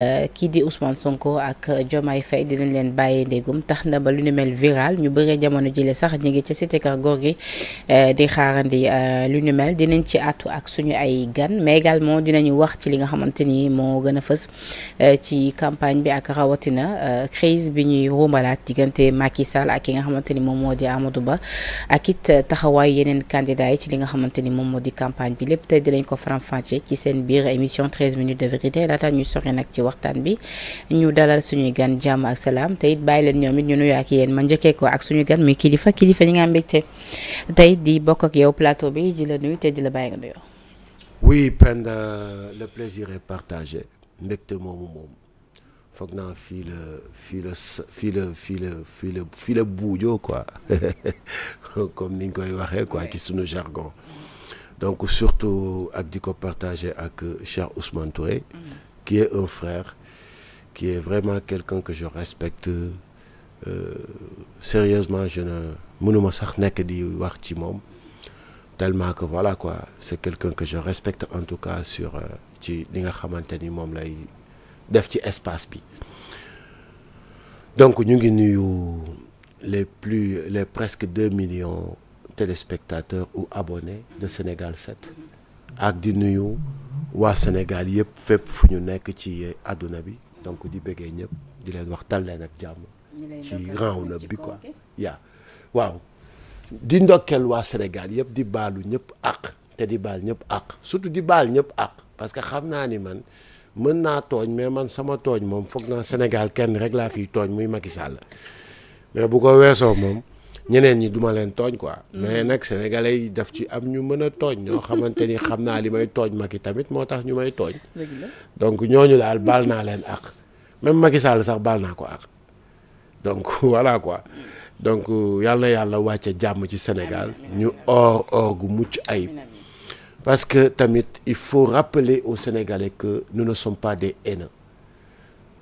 Euh, kii di Ousmane Sonko ak euh, Diomaye Faye dinañ leen bàyyee ndégum tax na ba lu ni mel viral ñu bëree jamono jile sax ñu ngi ca cité kër gi euh, di xaarandi lu ni mel dinañ ci àttu ak suñu ay gan mais également dinañu wax ci li nga xamante ni moo gën a fës ci campagne bi ak rawatina crise bi ñuy rumbalaat diggante Macky Sall ak ki nga xamante ni moom moo di Amadou Ba ak it taxawaayu yeneen candidats yi ci li nga xamante ni moom moo di campagne bi lépp tey dinañ ko faram-fàccee ci seen biir émission 13 minutes de vérité laata ñuy sori nag ci waxtaan bi ñu dalal suñuy gan jàmm ak salaam te bàyyi leen ñoom it ñu nuyu ak yéen ma njëkkee ko ak suñu gan muy kilifa kilifa ñi nga am mbégte tey di bokk ak yow plateau bi di la nuyu te di la bàyyi nga nuyoo. oui le plaisir est partagé mbégte moomu moom foog naa fii la fii la fii la fii la fii la fii buujoo quoi comme koy waxee quoi ci suñu jargon donc surtout ak di ko partagé ak Cheikh Ousmane Touré. qui est un frère, qui est vraiment quelqu'un que je respecte euh, sérieusement je ne mënuma sax nekk di wax ci moom tellement que voilà quoi c'est quelqu'un que je respecte en tout cas sur euh, ci li nga xamante ni moom lay def ci espace bi donc ñu ngi nuyu les plus les presque deux millions téléspectateurs ou abonnés de Sénégal 7 ak di nuyu waa Sénégal yëpp fépp fu ñu nekk ci àdduna bi donc di bëggee ñëpp di leen wax tal leen ak jàmm ci round up bi quoi yaa waaw di ndokkeel waa Sénégal yëpp di baalu ñëpp àq te di baal ñëpp àq surtout di baal ñëpp àq parce que xam naa ni man mën naa tooñ mais man sama tooñ moom foog naa Sénégal kenn rek laa fiy tooñ muy Macky Sall mais bu ko weesoo moom ñeneen ñi duma leen tooñ quoi. Mm. mais nag sénégalais yi daf ci am ñu mën a tooñ. ñoo xamante ni xam naa li may tooñ Macky tamit moo tax ñu may tooñ. donc ñooñu daal baal naa leen ak même Macky Sall sax baal naa ko ak donc voilà quoi donc yàlla na yàlla wàcce jàmm ci Sénégal ñu or mucc ayib. parce que tamit il faut rappeler au Sénégalais que nous ne sommes pas des haineux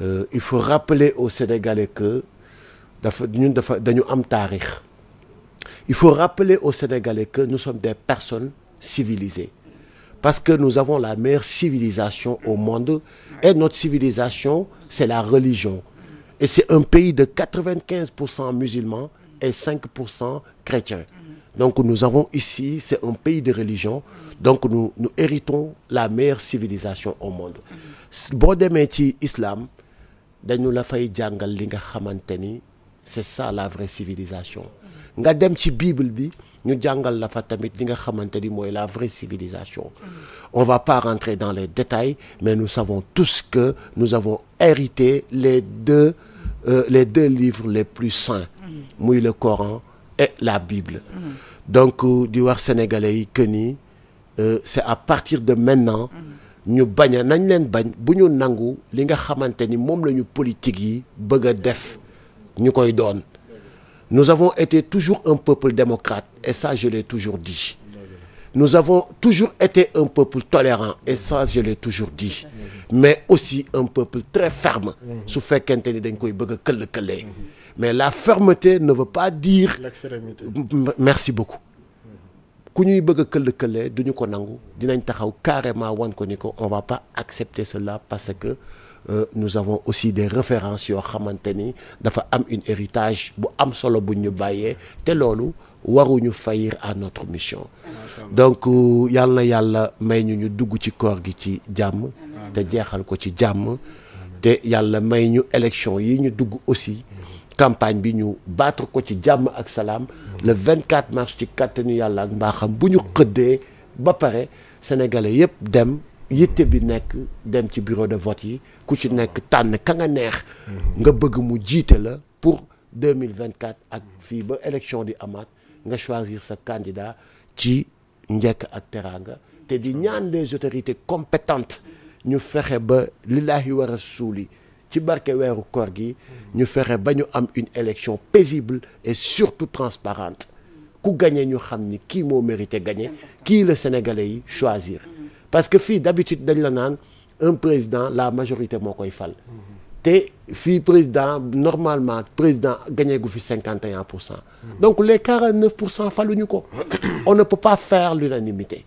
euh, il faut rappeler au Sénégalais que dafa ñun dafa dañu am taarix. il faut rappeler aux Sénégalais que nous sommes des personnes civilisées parce que nous avons la meilleure civilisation au monde et notre civilisation c'est la religion et c'est un pays de 95% musulmans et 5% chrétiens donc nous avons ici c'est un pays de religion donc nous nous héritons la meilleure civilisation au monde boo demee ci islam dañu la fay jàngal li nga xamante ni c'est ça la vraie nga dem ci bible bi ñu jàngal la fa tamit li nga xamante ni mooy la vraie civilisation on va pas rentrer dans les détails mais nu savons tous que nu avons hérité les deux euh, les deux livres les plus saints muy le Coran et la Bible donc euh, di wax sénégalais yi que ni euh, c'est à partir de maintenant ñu bañ a nañ leen bañ bu ñu nangu li nga xamante ni moom la ñu politique yi bëgg a def ñu koy donn nous avons été toujours un peuple démocrate et ça je l'ai toujours dit nous avons toujours été un peuple tolérant et ça je l'ai toujours dit mais aussi un peuple très ferme su fekkente ni dañ koy bëgg a këll-këllee mais la fermeté ne veut pas dire l'extrémité merci beaucoup ku ñuy bëgg a këll-këllee duñu ko nangu dinañ taxaw carrément wan ko ni ko on va pas accepter cela parce que Euh, nous avons aussi des références yoo xamante ni dafa am une héritage bu am solo buñ ñu bàyyee te loolu waruñu faillir à notre mission donc euh, yàlla yàlla may ñu ñu dugg ci koor gi ci jàmm te jeexal ko ci jàmm te yàlla may ñu élection yi ñu dugg aussi campagne bi ñu battre ko ci jàmm ak salaam le 24 mars ci kàttanu yàlla ak mbaaxam bu ñu xëddee ba pare sénégalais yëpp dem yitte bi nekk dem ci bureau de vote yi ku ci nekk tànn ka nga neex nga bëgg mu jiite la pour 2024 ak fii ba élection di amaat nga choisir sa candidat ci njekk ak teraanga te di ñaan les autorités compétentes ñu fexe ba lillahi wa rasuli ci barke weeru koor gi ñu fexe ba ñu am une élection paisible et surtout transparente ku gagné ñu xam ni kii moo mérité gagné kii la sénégalais yi choisir parce que fii d'habitude dañ la naan un président la majorité moo koy fal te fii président normalement président gagné gu fi 51 pour cent donc les 49 pour cent faluñu ko on ne peut pas faire l'unanimité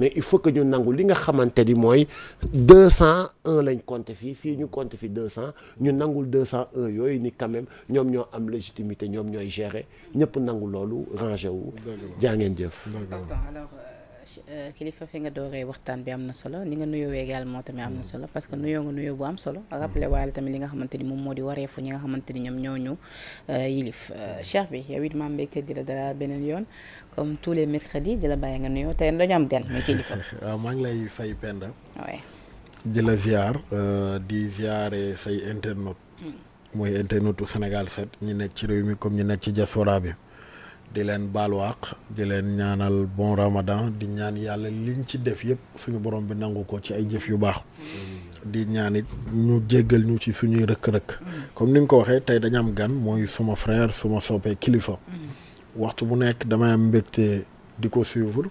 mais il faut que ñu nangu li nga xamante ni mooy 201 lañ compté fii fii ñu compté fi 200 ñu nangul 201 yooyu ni quand même ñoom ñoo am légitimité ñoom ñooy gérer ñëpp nangu loolu rangé wu jaa ngeen jëf Euh, kilifa fi nga dooree waxtaan bi am na solo ni nga nuyoowee également tamit am na solo parce que mm-hmm. nuyoo nga nuyoo bu am solo rappelé mm-hmm. waale tamit li nga xamante ni moom moo di wareefu ñi nga xamante ñoom ñoo euh, yilif euh, mm-hmm. Cheikh bi yow it maa mbégte di beneen yoon comme tous les mercredis di la bàyyi nga nuyoo tey dañu am gan mais kilifa. waaw maa ngi lay fay Penda. waaw di la ziar di ziare say internautes. Mm. mooy internautes Sénégal 7 ñi nekk ci réew mi comme ñi nekk ci diaspora bi. di leen baaluwaaq di leen ñaanal bon ramadan di ñaan yàlla liñ ci def yëpp suñu borom bi nangu ko ci ay jëf yu baax di ñaan it ñu jéggal ñu ci suñuy rëkk-rëkk comme ni nga ko waxee tey dañu am gan mooy suma frère suma soppee kilifa waxtu bu nekk damay am mbégte di ko suivre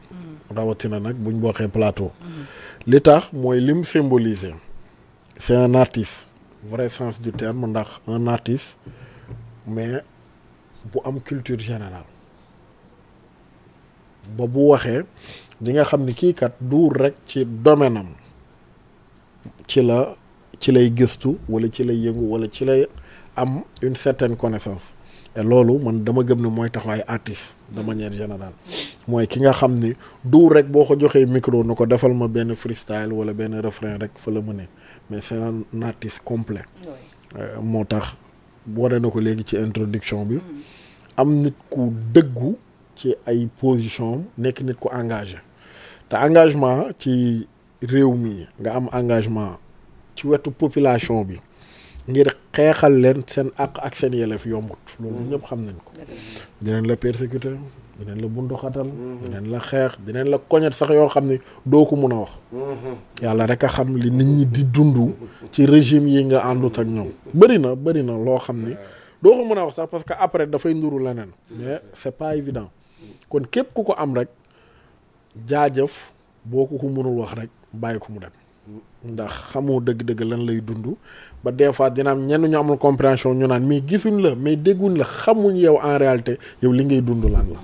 rawatina nag buñ bokkee plateau li tax mooy lim symboliser c'est un artiste vrai sens du terme ndax un artiste mais bu am culture général ba bu waxee di nga xam ni kii kat duur rek ci domaine am ci la ci lay gëstu wala ci lay yëngu wala ci lay am une certaine connaissance et loolu man dama gëm ne mooy taxawaay artiste demanière général mooy ki nga xam ni duur rek boo ko joxee micro nu ko defal ma benn freestyle wala benn refrain rek fa la mu ne mais c'est un artiste complet euh, moo tax wane na ko léegi ci introduction bi am nit ku dëggu ci ay position nekk nit ko engage te engagement ci réew mi nga am engagement ci wetu population bi ngir xeexal leen seen àq ak seen yelleef yombut loolu mm-hmm. ñëpp xam nañ ko dinañ la persécuter dinañ la bunduxatal mm-hmm. dinañ la xeex dinañ la koñet sax yoo xam ne doo ko mun a wax mm-hmm. yàlla rek a xam li nit ñi di dund ci régime yi nga àndut ak ñoom bëri na bëri na loo xam ne doo ko mun a wax sax parce que après dafay nduru leneen mais c'est pas évident kon képp ku ko am rek jaajëf boo ko ko mënul wax rek bàyyi ko mu dem. ndax xamoo dëgg-dëgg lan lay dund ba des fois dina am ñenn ñu amul compréhension ñu naan mais gisuñ la mais dégguñ la xamuñ yow en réalité yow li ngay dund laan la.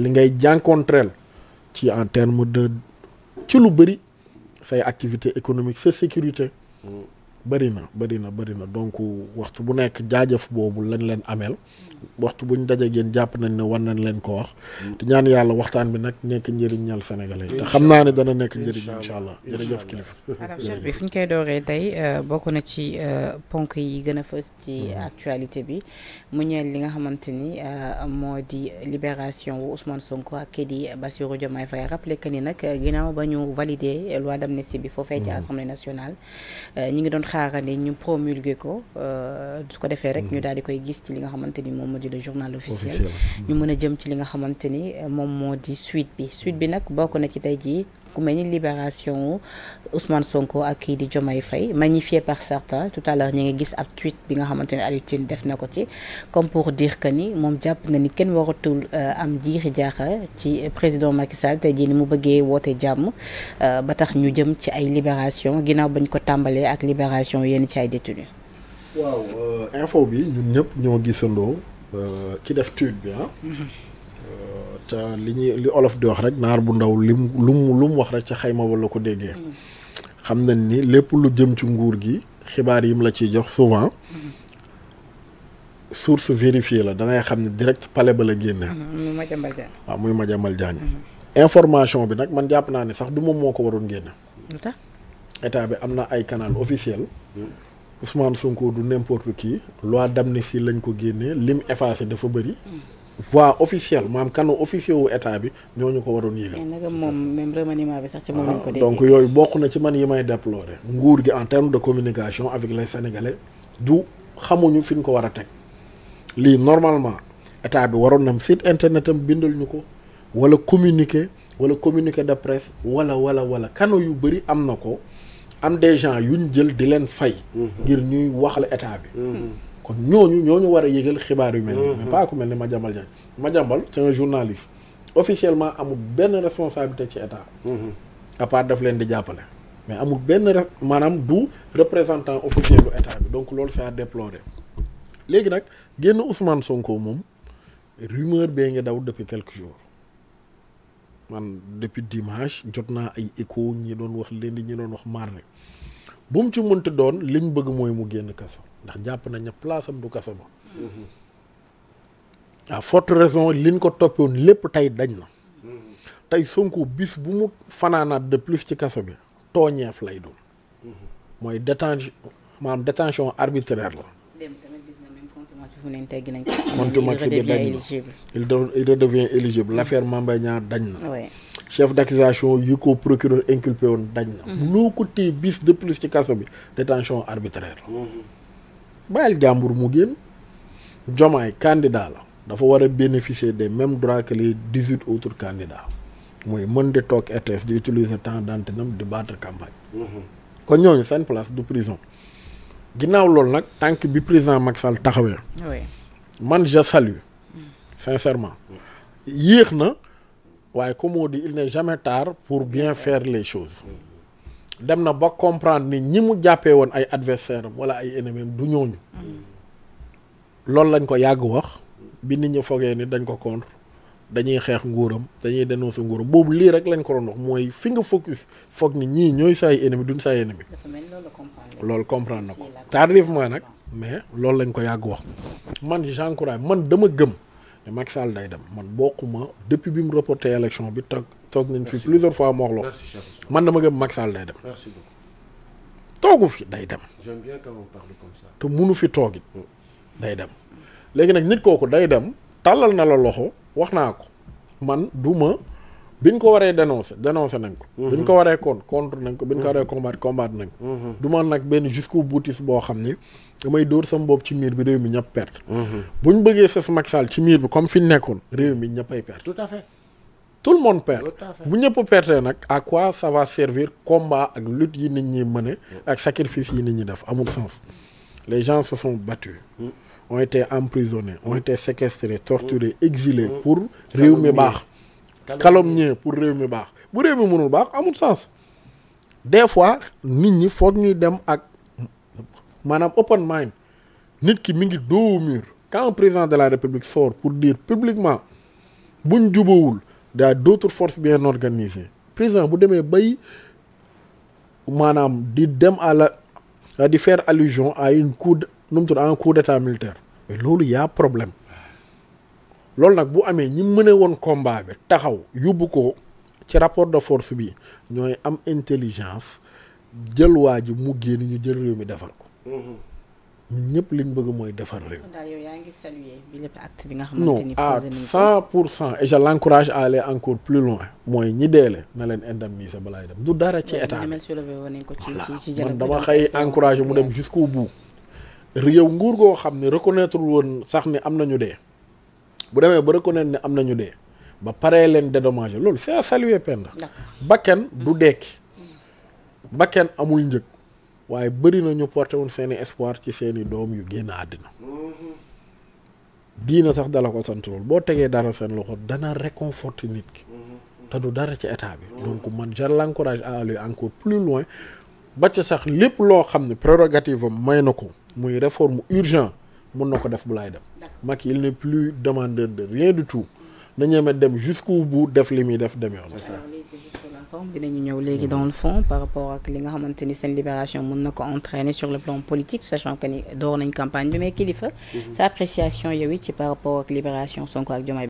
li ngay jànkonteel ci en terme de ci lu bëri say activité économique sa sécurité. bëri na bëri na bëri na donc waxtu bu nekk jaajëf boobu lañ leen ameel waxtu buñ daje géen jàpp nañ ne war nañ leen ko wax te ñaan yàlla waxtaan bi nag nekk njëriñ ñal sénégalais te xam naa ne dana nekk njëriñ incha allah jërëjëf kilifa chef bi fu ñu koy dooree tey euh, bokk na ci euh, ponk yi gën a fës ci mhm. actualité bi mu ñeel li nga xamante ni euh, moo di libération wu Ousmane Sonko ak kii di Bassirou Diomaye Faye rappelé que ni nag ginnaaw ba ñu validé loi d'amnistie bi foofee ci mhm. assemblée xaarandi ñu promulguer ko euh, su ko defee rek ñu mhm. daal di koy gis ci li nga xamante ni moom moo di le journal officiel ñu mën a jëm ci li nga xamante ni moom moo di suite bi suite bi nag bokk na ci tey jii ku mel ni libération Ousmane Sonko ak kii di Diomaye Faye magnifié par certains tout à l'heure ñu ngi gis ab tweet bi nga xamante ne Alioune Tine def na ko ci comme pour dire que ni moom jàpp na ni kenn waratul euh, am jiixi jaaxa ci président Macky Sall tey jii ni mu bëggee woote jàmm euh, ba tax ñu jëm ci ay libération ginnaaw bañ ko tàmbalee ak libération yenn ci ay détenus waaw euh, info bi ñun ñëpp ñoo gisandoo ki def tweet bi ah. Mm-hmm. Uh, li ñuy li olof di wax rek naar bu ndaw lim lu mu lu mu wax rek ca xayma wala ko déggee mm. xam nañ ni lépp lu jëm ci nguur gi xibaar yim la ciy jox souvent mm. source vérifiée la dangay xam ne direct pale ba la génne. Mm-hmm. muy Madiambal Diagne. waaw mm-hmm. information bi nag man jàpp naa ne sax du moom moo ko waroon génne. lu état bi am na ay canal officiel. Mm. Ousmane Sonko du n'importe qui. ni si lañ ko génnee lim effacé dafa bëri. voix officielle maam canaux officieux wu état bi ñoo ñu ko waroon yëgal. mais moom même remaniement bi sax ci moom lañ ko ah, donc yooyu bokk na ci man yi may déplorer. nguur gi en terme de communication avec les sénégalais du xamuñu fi ñu ko war a teg lii normalement état bi waroon na site internet am bindal ñu ko wala communiquer wala communiqué de presse wala wala wala canaux yu bëri am na ko am des gens yuñ jël di leen fay. Mm-hmm. ngir ñuy waxal la état bi. Mm-hmm. kon ñooñu ñooñu war a yëgal xibaar yu mel nii. mais mhm. pas ku mel ne Madiambal Diagne Madiambal c'est un journaliste officiellement amul benn responsabilité ci état. Mhm. à part daf leen di jàppale. mais amul benn maanaam du représentant officiel état bi donc loolu c'est à léegi nag génn Ousmane Sonko moom rumeur bee ngi daw depuis quelques jours man depuis dimanche jot naa ay écho ñi doon wax lundi ñi doon wax mardi bu mu ci mënti doon liñ bëgg mooy mu génn kaso ndax jàpp nañ ne place am du kaso ba. Mm-hmm. à raison liñ ko toppoon lépp tey dañ na. Mm-hmm. tey Sonko bis bu mu fanaanaat de plus ci kaso bi tooñeef lay doon. Mm-hmm. mooy détention maanaam détention arbitraire la. dem tamit bi dañ na il redevient éligible l' affaire Mame Mbaye dañ na. chef d'accusation yi ko procureur inculpé woon dañ na mhm. loo ko téye bis de plus ci kaso bi détention arbitraire mhm. bàyyil jàmbur mu génn jomaay candidat la dafa war a bénéficier des même droits que les dix huit autres candidats mooy mën di toog RTS di utiliser temps d'antenne am di battre campagne mhm. kon ñooñu seen place du prison ginnaaw loolu nag tànk bi président Macky Sall taxawee man je salue mm. sincèrement yéex na waaye comme on dit il n'est jamais tard pour bien fair les choses dem na ba comprendre ni ñi mu jàppee woon ay adversaire wala ay ennemis am du ñooñu loolu lañ ko yàgg wax bi nit ñi fogee ni dañ ko contre dañuy xeex nguuram dañuy dénoncer nguuram boobu lii rek lañ ko doon wax mooy fi nga focus foog ni ñii ñooy say ennemi duñ say ennemi loolu comprendre na ko tardivement nag mais loolu lañ ko yàgg wax man j'encourage man dama gëm ne Macky Sall day dem man ma depuis bi mu reporté élection bi toog toog nañ fi plusieurs fois moo wax la man dama gëm Macky Sall day dem. merci toogu fi day dem. j'aime bien quand on parle comme ça. te munu fi toogit mm. day dem léegi nag nit kooku day dem tàllal na la loxo wax naa ko man duma biñ ko waree dénoncé dénoncé nañ ko. Mhm. biñ ko waree contre contre nañ ko biñ ko mhm. waree combattre combattre nañ ko. Mhm. du nag benn jusqu'au boutiste boo xam ni damay dóor sama bopp ci miir bi réew mi ñëpp perte. buñ bëggee sës Macky Sall ci miir bi comme fi nekkoon réew mi ñëppay perte. tout à fait. tout le monde perd bu ñëpp perte nag à quoi ça va servir combat ak lutte yi nit ñi mëne ak sacrifice yi nit ñi def amul sens les gens se sont battus ont été emprisonnés ont été séquestrés torturés exilés pour réew mi baax calomnier pour réew mi baax bu réew mi mënul baax amul sens des fois nit ñi foog ñuy dem ak maanaam open mind nit ki mi ngi doo mur quand président de la république sort pour dire publiquement buñ jubawul daa d'autres force bien organisées président bu demee bay maanaam di dem à la di faire allusion à une coup nu mu tudd coup d'état militaire loolu y problème loolu nag bu amee ñi mën woon combat bi taxaw yóbbu ko ci rapport de force bi ñooy am intelligence jël waa ji mu génn ñu jël réew mi defar ko. Mm-hmm. ñun ñëpp liñ bëgg mooy defar réew. daal yaa ngi saluer bi bi nga xamante ni. non à pour cent et je à aller encore plus loin mooy ñi deele na leen indemniser balaay dem du dara ci état bi. man dama xëy encouragé mu dem jusqu'au bout. réew nguur goo xam ne reconnaître woon sax ni am na ñu dee. bu demee ba reconnaître ne am na ñu dee ba paree leen dédommagé loolu c'est à saluer Penda bakken du dekki bakken amul njëg waaye bëri na ñu porté woon seeni espoir ci seeni doom yu génn àddina diina sax dala ko sant loolu boo tegee dara seen loxo dana réconforter nit ki te du dara ci état bi donc man je l'encourage à aller encore plus loin ba sax lépp loo xam ne prérogative am may na ko muy réforme urgent mun na ko def bu laay dem Macky il n'est plus demandeur de rien du tout na ñeme dem jusqu'au bout def li muy def dem yoon dinañu ñëw léegi dans le fond par rapport ak li nga xamante ni seen libération mën na ko entraîner sur le plan politique sachant que ni door nañ campagne bi mais kilifa sa appréciation yow it ci par rapport ak libération Sonko ak Diomaye